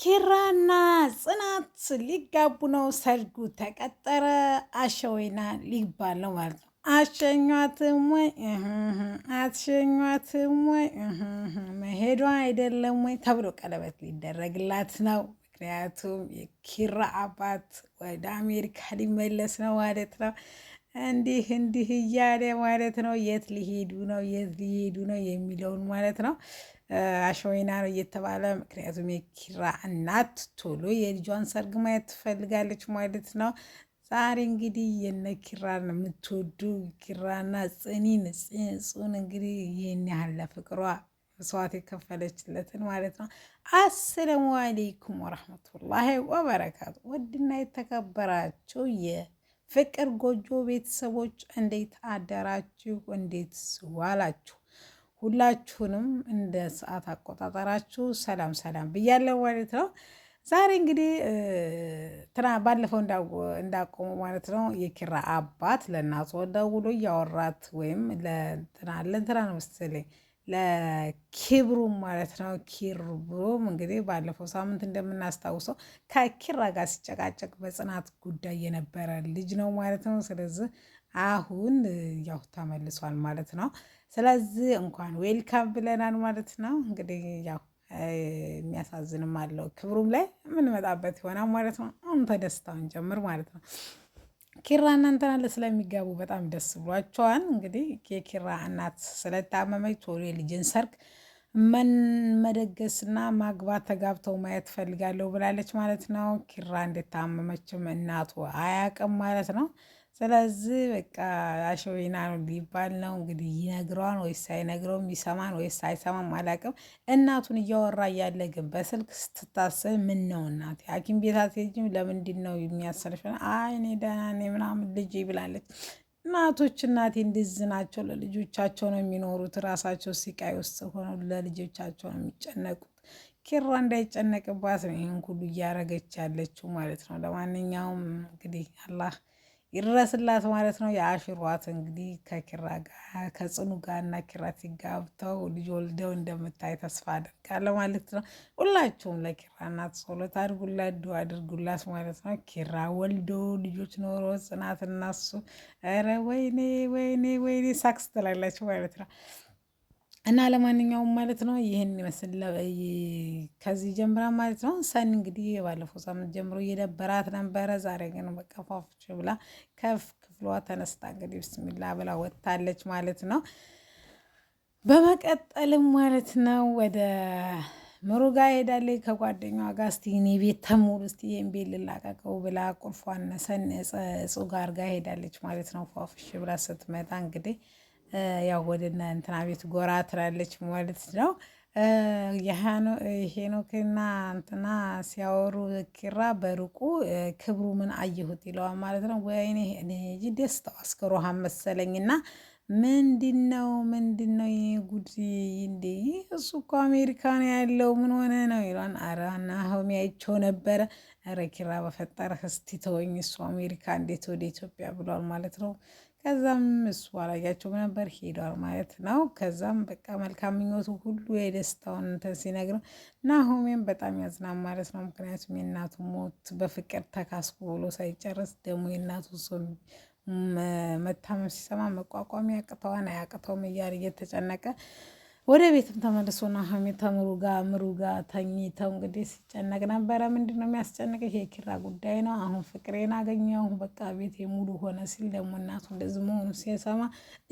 ኪራና ጽናት ሊጋቡ ነው። ሰርጉ ተቀጠረ። አሸወይና ሊባል ነው ማለት ነው። አሸኟትም ወይ አትሸኟትም ወይ መሄዷ አይደለም ወይ ተብሎ ቀለበት ሊደረግላት ነው። ምክንያቱም የኪራ አባት ወደ አሜሪካ ሊመለስ ነው ማለት ነው። እንዲህ እንዲህ እያለ ማለት ነው። የት ሊሄዱ ነው? የት ሊሄዱ ነው የሚለውን ማለት ነው። አሸወይና ነው እየተባለ ምክንያቱም የኪራ እናት ቶሎ የልጇን ሰርግ ማየት ትፈልጋለች ማለት ነው። ዛሬ እንግዲህ የነ ኪራን የምትወዱ ኪራና ጽኒን ጽኑን እንግዲህ ይህን ያህል ለፍቅሯ መስዋዕት የከፈለችለትን ማለት ነው። አሰላሙ አሌይኩም ወረህመቱላሂ ወበረካቱ። የተከበራቸው የ ፍቅር ጎጆ ቤተሰቦች እንዴት አደራችሁ? እንዴት ዋላችሁ? ሁላችሁንም እንደ ሰዓት አቆጣጠራችሁ ሰላም ሰላም ብያለሁ ማለት ነው። ዛሬ እንግዲህ ትና ባለፈው እንዳቆሙ ማለት ነው የኪራ አባት ለእናቷ ደውሎ እያወራት ወይም ለንትና ነው መሰለኝ ለኪብሩም ማለት ነው። ኪሩም እንግዲህ ባለፈው ሳምንት እንደምናስታውሰው ከኪራ ጋር ሲጨቃጨቅ በጽናት ጉዳይ የነበረ ልጅ ነው ማለት ነው። ስለዚህ አሁን ያው ተመልሷል ማለት ነው። ስለዚህ እንኳን ዌልካም ብለናል ማለት ነው። እንግዲህ ያው የሚያሳዝንም አለው ክብሩም ላይ የምንመጣበት ይሆናል ማለት ነው። አሁን ተደስታውን ጀምር ማለት ነው። ኪራ እናንተና ስለሚጋቡ በጣም ደስ ብሏቸዋል። እንግዲህ የኪራ እናት ስለታመመች ቶሎ የልጅን ሰርግ መደገስና ማግባት ተጋብተው ማየት ፈልጋለሁ ብላለች ማለት ነው። ኪራ እንደታመመችም እናቱ አያውቅም ማለት ነው። ስለዚህ በቃ አሸወና ነው ሊባል ነው እንግዲህ። ይነግረዋን ወይስ አይነግረውም? ይሰማን ወይስ አይሰማም? አላውቅም። እናቱን እያወራ እያለ ግን በስልክ ስትታሰብ ምን ነው እናቴ ሐኪም ቤት አትሄጂም? ለምንድን ነው የሚያሰልሽ? አይ እኔ ደህና ነኝ ምናምን ልጅ ብላለች። እናቶች እናቴ እንደዚህ ናቸው። ለልጆቻቸው ነው የሚኖሩት። ራሳቸው ስቃይ ውስጥ ሆነው ለልጆቻቸው ነው የሚጨነቁት። ኪራ እንዳይጨነቅባት ነው ይህን ሁሉ እያረገች ያለችው ማለት ነው። ለማንኛውም እንግዲህ አላህ ይድረስላት ማለት ነው። የአሽሯት እንግዲህ ከኪራ ጋር ከጽኑ ጋር እና ኪራ ሲጋብተው ልጅ ወልደው እንደምታይ ተስፋ አደርጋለሁ ማለት ነው። ሁላችሁም ለኪራ እናት ጸሎት አድርጉላት፣ ዱ አድርጉላት ማለት ነው። ኪራ ወልዶ ልጆች ኖሮ ጽናት እናሱ ረ ወይኔ ወይኔ ወይኔ ሳክስ ትላላችሁ ማለት ነው። እና ለማንኛውም ማለት ነው ይህን ይመስል ከዚህ ጀምራ ማለት ነው ሰን እንግዲህ የባለፈው ሳምንት ጀምሮ እየደበራት ነበረ። ዛሬ ግን በቃ ፏፍች ብላ ከፍ ክፍሏ ተነስታ እንግዲህ ብስሚላ ብላ ወጥታለች ማለት ነው። በመቀጠልም ማለት ነው ወደ ምሩ ጋር ሄዳለች ከጓደኛዋ ጋር እስቲ እኔ ቤት ተሙሉ እስቲ ይህን ቤት ልላቀቀው ብላ ቁልፏን ሰን እጹ ጋር ጋር ሄዳለች ማለት ነው። ፏፍሽ ብላ ስትመጣ እንግዲህ ያው ወደ እንትና ቤት ጎራ ትላለች ማለት ነው። ሄኖክና እንትና ሲያወሩ ኪራ በሩቁ ክብሩ ምን አየሁት ይለዋል ማለት ነው። ወይኔ ልጅ ደስታው አስከሮሃ መሰለኝና ምንድን ነው ምንድን ነው ይህ ጉድ እንዴ? እሱ እኮ አሜሪካ ነው ያለው ምን ሆነ ነው ይሏን። አረ ናሆሚ አይቼው ነበረ። አረ ኪራ በፈጠረህ እስቲ ተወኝ፣ እሱ አሜሪካ እንዴት ወደ ኢትዮጵያ ብሏል ማለት ነው። ከዛም እሱ አላያቸውም ነበር ሄዷል ማለት ነው። ከዛም በቃ መልካም ምኞቱ ሁሉ የደስታውን እንትን ሲነግር ናሆሜም በጣም ያዝናል ማለት ነው። ምክንያቱም የእናቱ ሞት በፍቅር ተካስቦ ብሎ ሳይጨርስ ደግሞ የእናቱ እሱን መታመም ሲሰማ መቋቋም ያቅተዋን አያቅተውም እያል እየተጨነቀ ወደ ቤትም ተመልሶ ኑሃሚ ተምሩ ጋር ምሩ ጋር ተኝተው እንግዲህ ሲጨነቅ ነበረ። ምንድን ነው የሚያስጨንቅ ይሄ ኪራ ጉዳይ ነው። አሁን ፍቅሬን አገኘሁ በቃ ቤቴ ሙሉ ሆነ ሲል ደግሞ እናቱ እንደዚህ መሆኑ ሲሰማ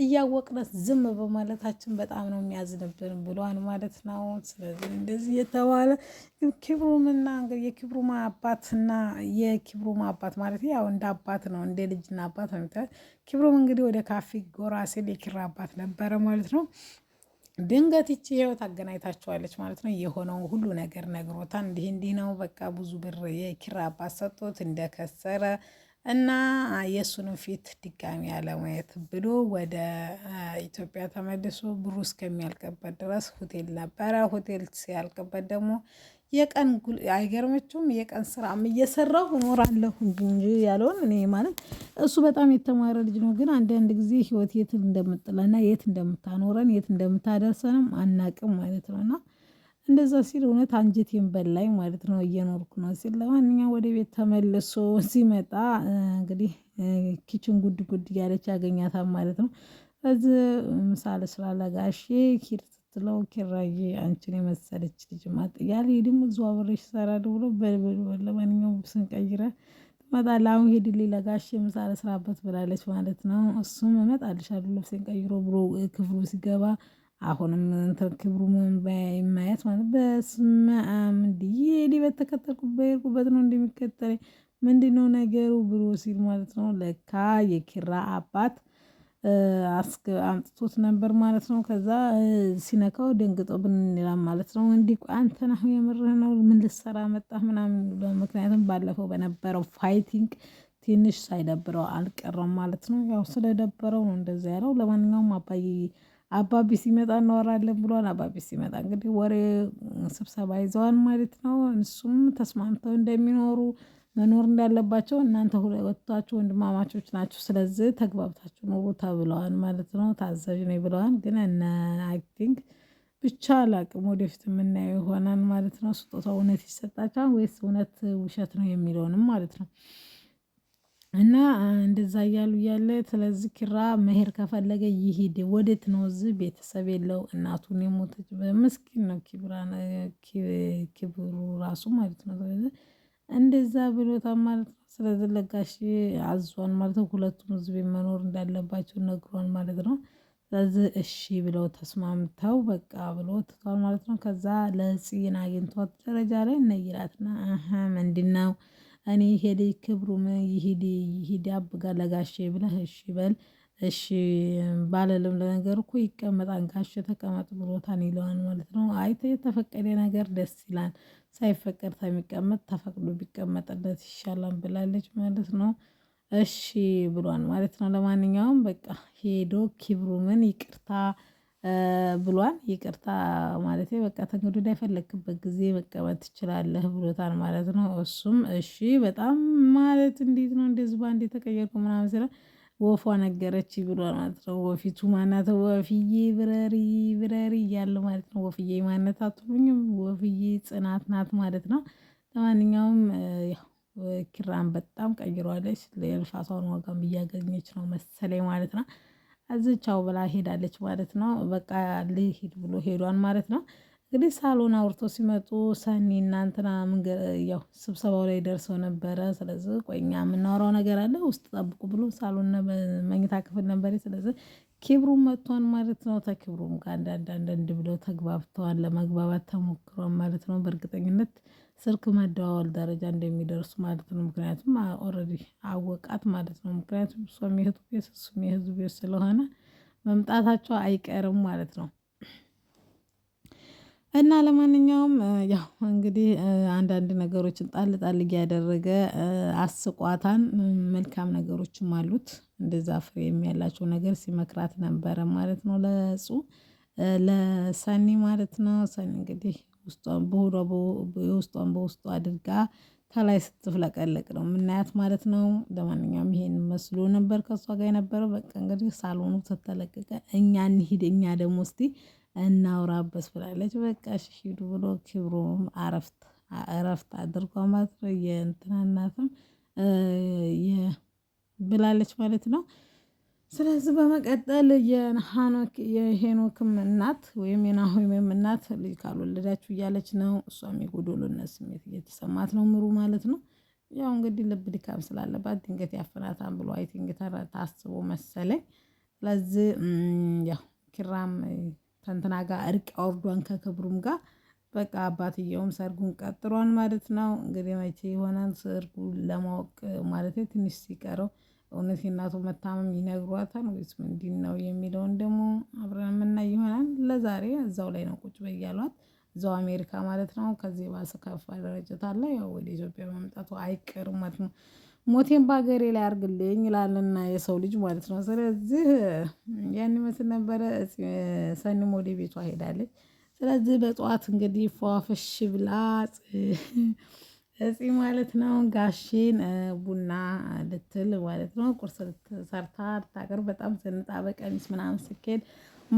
እያወቅነት ዝም በማለታችን በጣም ነው የሚያዝንብን ብሏን ማለት ነው። ስለዚህ እንደዚህ የተባለ ኪብሩምና የክብሩማ አባትና የክብሩማ አባት ማለት ያው እንደ አባት ነው እንደ ልጅና አባት ነው። ክብሩም እንግዲህ ወደ ካፌ ጎራ ሲል የኪራ አባት ነበረ ማለት ነው። ድንገት ይቺ ህይወት አገናኝታቸዋለች ማለት ነው። የሆነው ሁሉ ነገር ነግሮታል። እንዲህ እንዲህ ነው በቃ ብዙ ብር የኪራ አባት እንደከሰረ እና የእሱንም ፊት ድጋሚ ያለማየት ብሎ ወደ ኢትዮጵያ ተመልሶ ብሩ እስከሚያልቅበት ድረስ ሆቴል ነበረ። ሆቴል ሲያልቅበት ደግሞ የቀን ጉል አይገርመችውም? የቀን ስራም እየሰራሁ እኖራለሁ እንጂ ያለውን እኔ ማለት እሱ በጣም የተማረ ልጅ ነው። ግን አንዳንድ ጊዜ ህይወት የት እንደምጥለና የት እንደምታኖረን የት እንደምታደርሰንም አናቅም ማለት ነው። እና እንደዛ ሲል እውነት አንጀቴን በላይ ማለት ነው። እየኖርኩ ነው ሲል ለማንኛውም ወደ ቤት ተመልሶ ሲመጣ እንግዲህ ኪችን ጉድ ጉድ እያለች ያገኛታል ማለት ነው። እዚህ ምሳሌ ስላለጋሼ ኪርት ስትለው ኪራዬ አንቺን የመሰለች ልጅ ማጥ ያልሄድም እዚሁ አብሬሽ እሰራለሁ ብሎ ለማንኛውም ስንቀይረ ትመጣለህ። አሁን ሄድ ሌላ ጋሽ ምሳ ስራበት ብላለች ማለት ነው። እሱም እመጣልሻለሁ ልብሴን ቀይሮ ብሎ ክፍሉ ሲገባ አሁንም ክብሩ ማየት ማለት በስመ አብ እንዲህ ሄድ በተከተልኩበት ሄድኩበት ነው እንደሚከተለኝ ምንድነው ነገሩ ብሎ ሲል ማለት ነው ለካ የኪራ አባት አምጥቶት ነበር ማለት ነው። ከዛ ሲነካው ደንግጦ ብንላም ማለት ነው። እንዲህ አንተና የምርህ ነው ምን ልሰራ መጣ ምናምን። ምክንያቱም ባለፈው በነበረው ፋይቲንግ ትንሽ ሳይደብረው አልቀረም ማለት ነው። ያው ስለደበረው ነው እንደዛ ያለው። ለማንኛውም አባዬ አባቢ ሲመጣ እናወራለን ብሏል። አባቢ ሲመጣ እንግዲህ ወሬ ስብሰባ ይዘዋል ማለት ነው። እሱም ተስማምተው እንደሚኖሩ መኖር እንዳለባቸው እናንተ ወጥታችሁ ወንድማማቾች ናችሁ፣ ስለዚህ ተግባብታችሁ ኑሩ ተብለዋል ማለት ነው። ታዛዥ ነኝ ብለዋል። ግን እነ አክቲንግ ብቻ ላቅም ወደፊት የምናየው ይሆናል ማለት ነው። ስጦታ እውነት ይሰጣቸዋል ወይስ እውነት ውሸት ነው የሚለውንም ማለት ነው እና እንደዛ እያሉ እያለ ስለዚህ ኪራ መሄድ ከፈለገ ይሄድ። ወዴት ነው? እዚህ ቤተሰብ የለው እናቱን የሞተች ምስኪን ነው ኪብሩ ራሱ ማለት ነው። እንደዛ ብሎታ ማለት ነው። ስለዚህ ለጋሽ አዟን ማለት ነው። ሁለቱም ህዝብ መኖር እንዳለባቸው ነግሯን ማለት ነው። ስለዚህ እሺ ብለው ተስማምተው በቃ ብሎ ትቷል ማለት ነው። ከዛ ለጽን አግኝቷት ደረጃ ላይ እነይራትና አሀ ምንድን ነው እኔ ሄደ ክብሩም ይሄድ ይሄድ አብጋ ለጋሼ ብለህ እሺ በል እሺ ባልልም ለነገሩ እኮ ይቀመጥ አንጋሽ ተቀመጥ ብሎታን ይለዋል ማለት ነው። አይተ የተፈቀደ ነገር ደስ ይላል ሳይፈቀድ ከሚቀመጥ ተፈቅዶ ቢቀመጥለት ይሻላል ብላለች ማለት ነው። እሺ ብሏል ማለት ነው። ለማንኛውም በቃ ሄዶ ኪብሩምን ይቅርታ ብሏል። ይቅርታ ማለት በቃ ተንግዶ የፈለክበት ጊዜ መቀመጥ ትችላለህ ብሎታን ማለት ነው። እሱም እሺ በጣም ማለት እንዴት ነው እንደዚህ ባንዴ ተቀየርኩ ምናምን ስለ ወፏ ነገረች ብሏል ማለት ነው። ወፊቱ ማናት? ወፍዬ ብረሪ ብረሪ እያለ ማለት ነው። ወፍዬ ማነት አትሉኝም? ወፍዬ ጽናት ናት ማለት ነው። ለማንኛውም ያው ኪራን በጣም ቀይሯለች። የልፋቷን ዋጋም እያገኘች ነው መሰለኝ ማለት ነው። እዝቻው ብላ ሄዳለች ማለት ነው። በቃ ልሂድ ብሎ ሄዷን ማለት ነው። እንግዲህ ሳሎን አውርቶ ሲመጡ ሰኒ እናንትና ያው ስብሰባው ላይ ደርሰው ነበረ። ስለዚህ ቆኛ የምናወራው ነገር አለ ውስጥ ጠብቁ ብሎ ሳሎን መኝታ ክፍል ነበር። ስለዚህ ኪብሩም መጥቷን ማለት ነው። ተኪብሩም ጋር አንዳንዳንድ ብለው ተግባብተዋል። ለመግባባት ተሞክሯን ማለት ነው። በእርግጠኝነት ስልክ መደዋወል ደረጃ እንደሚደርሱ ማለት ነው። ምክንያቱም ኦልሬዲ አወቃት ማለት ነው። ምክንያቱም እሷም የህዝብ ቤት እሱም የህዝብ ቤት ስለሆነ መምጣታቸው አይቀርም ማለት ነው። እና ለማንኛውም ያው እንግዲህ አንዳንድ ነገሮችን ጣል ጣል እያደረገ አስቋታን መልካም ነገሮችም አሉት። እንደዛ ፍሬ ያላቸው ነገር ሲመክራት ነበረ ማለት ነው ለጹ ለሰኒ ማለት ነው። ሰኒ እንግዲህ ውስጧን በውስጧን በውስጡ አድርጋ ከላይ ስትፍለቀለቅ ነው የምናያት ማለት ነው። ለማንኛውም ይሄን መስሎ ነበር ከእሷ ጋር የነበረው። በቃ እንግዲህ ሳሎኑ ተተለቀቀ። እኛ እንሂድ፣ እኛ ደግሞ እስቲ እናውራበት ብላለች። በቃ እሺ ሂዱ ብሎ ክብሮም አረፍት እረፍት አድርጓ ማለት ነው። የእንትና እናትም ብላለች ማለት ነው። ስለዚህ በመቀጠል የሄኖክም እናት ወይም የናሆምም እናት ልጅ ካልወለዳችሁ እያለች ነው። እሷም የጎዶሎነት ስሜት እየተሰማት ነው ምሩ ማለት ነው። ያው እንግዲህ ልብ ድካም ስላለባት ድንገት ያፈናታን ብሎ አይ ቲንክ ታስቦ መሰለኝ። ስለዚህ ያው ኪራም ተንትና ጋር እርቅ አውርዷን ከክብሩም ጋር በቃ አባትየውም ሰርጉን ቀጥሯን ማለት ነው። እንግዲህ መቼ የሆነን ሰርጉ ለማወቅ ማለት ትንሽ ሲቀረው እውነት የእናቱ መታመም ይነግሯታል ወይስ ምንድን ነው የሚለውን ደግሞ አብረን የምናይ ይሆናል። ለዛሬ እዛው ላይ ነው ቁጭ በያሏት እዛው አሜሪካ ማለት ነው። ከዚህ ባሰ ከፋ ደረጃ ታላ ያው ወደ ኢትዮጵያ መምጣቱ አይቀርም ማለት ነው። ሞቴን በሀገሬ ላይ አድርግልኝ ይላልና የሰው ልጅ ማለት ነው። ስለዚህ ያን ይመስል ነበረ። ሰኒ ወደ ቤቷ ሄዳለች። ስለዚህ በጠዋት እንግዲህ ፏፍሽ ብላ እፂ ማለት ነው ጋሽን ቡና ልትል ማለት ነው ቁርስ ልትሰርታ ልታቀርብ በጣም ዘንጣ በቀሚስ ምናምን ስኬድ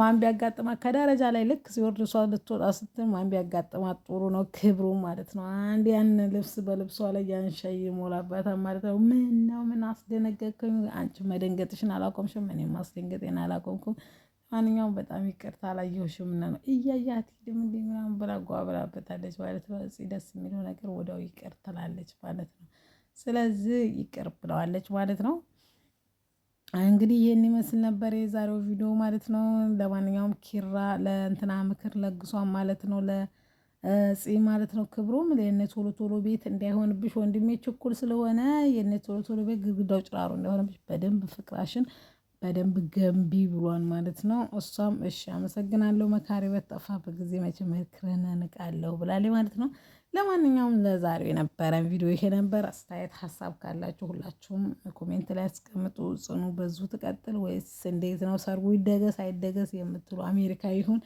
ማን ቢያጋጥማት ከደረጃ ላይ ልክ ሲወርድ እሷ ልትወጣ ስትል ማን ቢያጋጥማት ጥሩ ነው፣ ክብሩ ማለት ነው። አንድ ያን ልብስ በልብሷ ላይ ያንሻይ ሞላባታል ማለት ነው። ምን ነው ምን አስደነገጥከኝ? አንቺ መደንገጥሽን አላቆምሽም፣ እኔም ማስደንገጤን አላቆምኩም። ማንኛውም በጣም ይቅርታ አላየሁሽም እና ነው እያያት ሂድም እንዲ ምናምን ብላ ጓብላበታለች ማለት ነው። እዚህ ደስ የሚለው ነገር ወዲያው ይቅር ትላለች ማለት ነው። ስለዚህ ይቅር ብለዋለች ማለት ነው። እንግዲህ ይህን ይመስል ነበር የዛሬው ቪዲዮ ማለት ነው። ለማንኛውም ኪራ ለእንትና ምክር ለግሷን ማለት ነው ለፂ ማለት ነው። ክብሩም የእነ ቶሎ ቶሎ ቤት እንዳይሆንብሽ ወንድሜ ችኩል ስለሆነ የእነ ቶሎ ቶሎ ቤት ግድግዳው ጭራሩ እንዳይሆንብሽ በደንብ ፍቅራሽን በደንብ ገንቢ ብሏን ማለት ነው። እሷም እሺ አመሰግናለሁ መካሪ በጠፋበት ጊዜ መቼ መክረን ንቃለሁ ብላለች ማለት ነው። ለማንኛውም ለዛሬው የነበረን ቪዲዮ ይሄ ነበር። አስተያየት ሀሳብ ካላችሁ ሁላችሁም ኮሜንት ላይ አስቀምጡ። ጽኑ በዙ ትቀጥል ወይስ እንዴት ነው ሰርጉ ይደገስ አይደገስ የምትሉ አሜሪካ ይሁን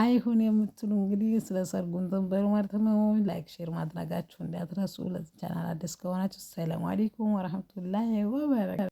አይሁን የምትሉ እንግዲህ ስለ ሰርጉ እንትን በሉ ማለት ነው። ላይክ ሼር ማድረጋችሁ እንዳትረሱ። ለዚህ ቻናል አዲስ ከሆናችሁ ሰላም አለይኩም ወረህመቱላሂ ወበረካቱ።